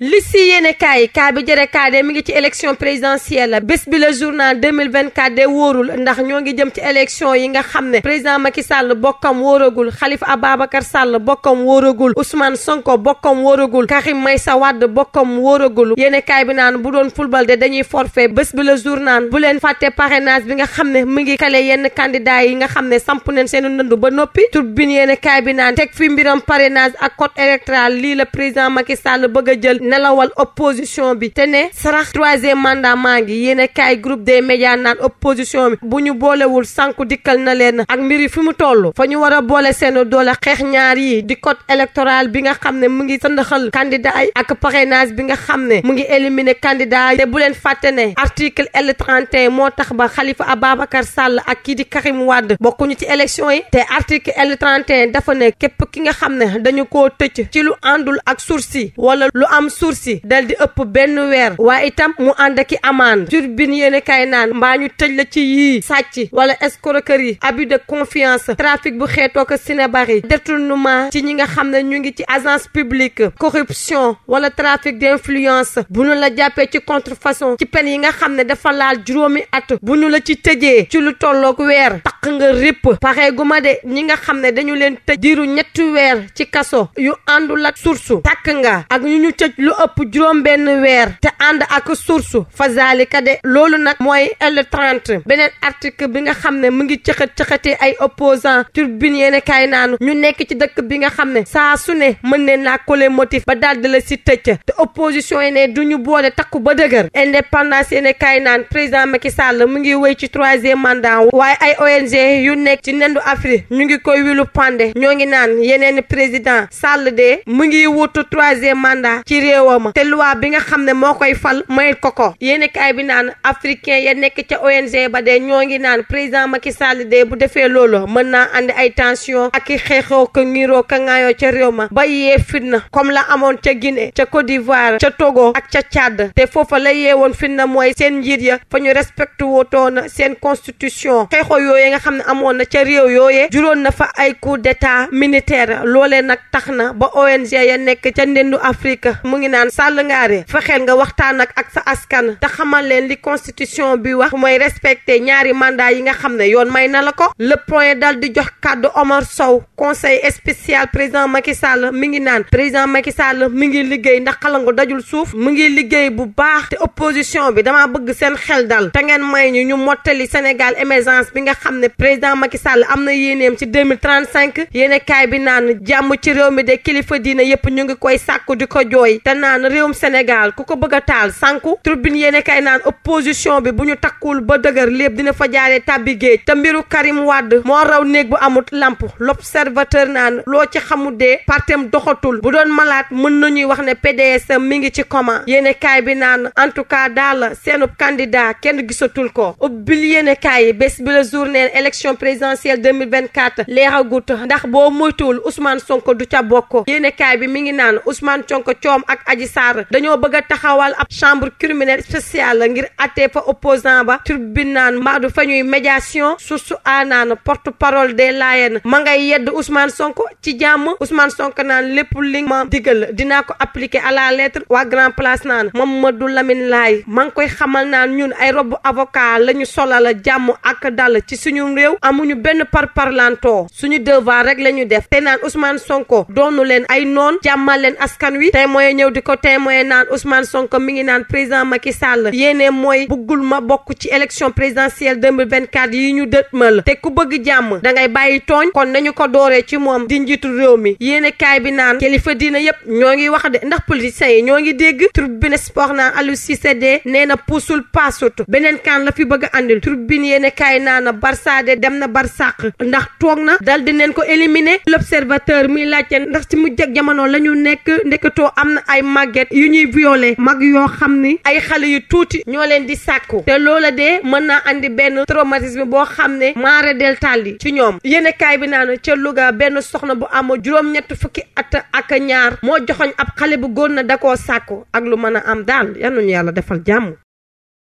li si yéene kaay kaa bi jëre kaa de mi ngi ci élection présidentielle bés bi la journal 2024 de wóorul ndax ñoo ngi jëm ci élection yi nga xam ne président Macky Sall bokkam wóoragul xalifa Ababacar sàll bokkam wóoragul Ousmane Sonko bokkam wóoragul may sa wadd bokkam wóoragul yéene kaay bi naan bu doon football de dañuy forfait bés bi la journal bu leen fàtte parrainage bi nga xam ne mi ngi kale yenn candidat yi nga xam ne samp nañ seen ndënd ba noppi turbine yéene kaay bi naan teg fi mbiram parrainage ak lii la président Macky Sall bëgg a jël nelawal opposition bi te ne sarax troisième mandat maa ngi yéen a kaay groupe des médias naan opposition bi bu ñu boolewul sànku dikkal na leen ak mbir yi fi mu toll fa ñu war a boole seen doole xeex ñaar yi di code électoral bi nga xam ne mu ngi sëndaxal candidat yi ak parrainage bi nga xam ne mu ngi éliminer candidat yi te bu leen fàtte ne article L 31 moo tax ba Khalifa Ababacar Sall ak kii di Karim wàdd bokkuñu ci élection yi te article L 31 dafa ne képp ki nga xam ne dañu koo tëj ci lu àndul ak sursis wala sursis dal di ëpp benn weer waaye itam mu ànd i amande turbine yéene kay naan mbaa ñu tëj la ci yii sàcc wala escroquerie abus de confiance trafic bu xeetoo ko cinébari détournement ci ñi nga xam ne ñu ngi ci agence publique corruption wala trafic d'influence bu ñu la jàppee ci contrefaçon ci pen yi nga xam ne dafa laal juróomi at bu ñu la ci tëjee ci lu tolloog weer taq nga ripp pare gu ma de ñi nga xam ne dañu leen tëj diiru ñetti weer ci kaso yu àndul ak source tàkk lu ëpp juróom benn weer te ànd ak source fa zalika de loolu nag mooy L30 beneen article bi nga xam ne mu ngi cëxat cëxatee ay opposant turbine yéen kaay naanu ñu nekk ci dëkk bi nga xam ne saa su ne mën ne naa collé motif ba daal di la si tëcc te opposition yi ne du ñu boole takku ba dëgër indépendance yéen kaay naan président Macky Sall mu ngi wéy ci troisième mandat waaye ay ONG yu nekk ci nendu Afrique ñu ngi koy wilu pande ñoo ngi naan yeneen président Sall mu ngi wutu yeewoo ma te loi bi nga xam ne moo koy fal mayet ko ko yéeni kaay bi naan africain ya nekk ca ONG ba dee ñoo ngi naan président Macky Sall de bu defee loolu mën naa indi ay tension ak i xeexoo ka ngiroo ka ŋaayoo ca réew ma ba yee fitna comme la amoon ca Guinée ca Côte d'Ivoire ca Togo ak ca Tchad te foofa la yeewoon fitna mooy seen njiit ya fa ñu respecté na seen constitution xeexoo yooye nga xam ne amoon na ca réew yooye juróon na fa ay coup d'état militaire nag tax na ba ONG ya nekk ca ngi naan Sall Ngaare fexeel nga waxtaan ak ak sa askan te xamal leen li constitution bi wax mooy respecté ñaari mandat yi nga xam ne yoon may na la ko le point dal di jox kàddu Omar Sow conseil spécial président Macky Sall mi ngi naan président Macky Sall mi ngi liggéey ndax xalangu dajul suuf mu ngi liggéey bu baax te opposition bi dama bëgg seen xel dal te ngeen may ñu ñu mottali Sénégal émergence bi nga xam ne président Macky Sall am na yéeneem ci deux cinq yéene bi naan jàmm ci réew mi de kilifa diine yépp ñu ngi koy sàkku di ko jooy te naan réewum Sénégal ku ko bëgg a taal sànku tribune yéene kay naan opposition bi bu ñu takkul ba dëgër lépp dina fa jaaree tàbbi géej te mbiru Karim wadd moo raw néeg bu amut lamp l'observateur naan loo ci xamu dee partem doxatul bu doon malaat mën nañuy wax ne PDS mi ngi ci coma yéene kaay bi naan en tout cas daal seenub candidat kenn gisatul ko ubbil yéene kaay yi bés bi la journée élection présidentielle 2024 leeragut ndax boo moytuwul Ousmane Sonko du ca bokk yéene bi mi ngi naan Ousmane Sonko coom ak ak Adji Sarr dañoo bëgg a taxawal ab chambre criminelle spéciale ngir àttee fa opposant ba tribunal mbaadu fa ñuy médiation sursu aanaan porte parole des na ma ngay yedd Ousmane sonk ci jàmm Ousmane sonk naan lépp li ma digal dinaa ko appliquer à la lettre waa grand place naan Mamadou Lamine Laye ma ngi koy xamal naan ñun ay robu avocat la ñu solal jàmm ak dal ci suñu réew amuñu benn par parlantoo suñu devoir rek la ñu def te naan Ousmane Sonko ñëw di ko témoin naan Ousmane Sonko mi ngi naan président Macky Sall yéene mooy buggul ma bokk ci élection présidentielle 2024 yi ñu dëtmal te ku bëgg jàmm da ngay bàyyi tooñ kon nañu ko dooree ci moom di njiitu réew mi yéene kaay bi naan kilifa diina yépp ñoo ngi wax de ndax politiciens yi ñoo ngi dégg tribune sport naan Aliou Cissé de nee na puusul paasut la fi bëgg a andil tribune kaay naa na dem na Barsàq ndax toog na dal neen ay màgget yu ñuy violé mag yoo xam ni ay xale yu tuuti ñoo leen di sàkku te loola de mën naa indi benn traumatisme boo xam ne maara del yi ci ñoom yéene kaay bi naan ca Louga benn soxna bu am juróom-ñett fukki at ak ñaar moo joxoñ ab xale bu góor na da koo sàkku ak lu mën a am daal yal na ñu yàlla defal jàmm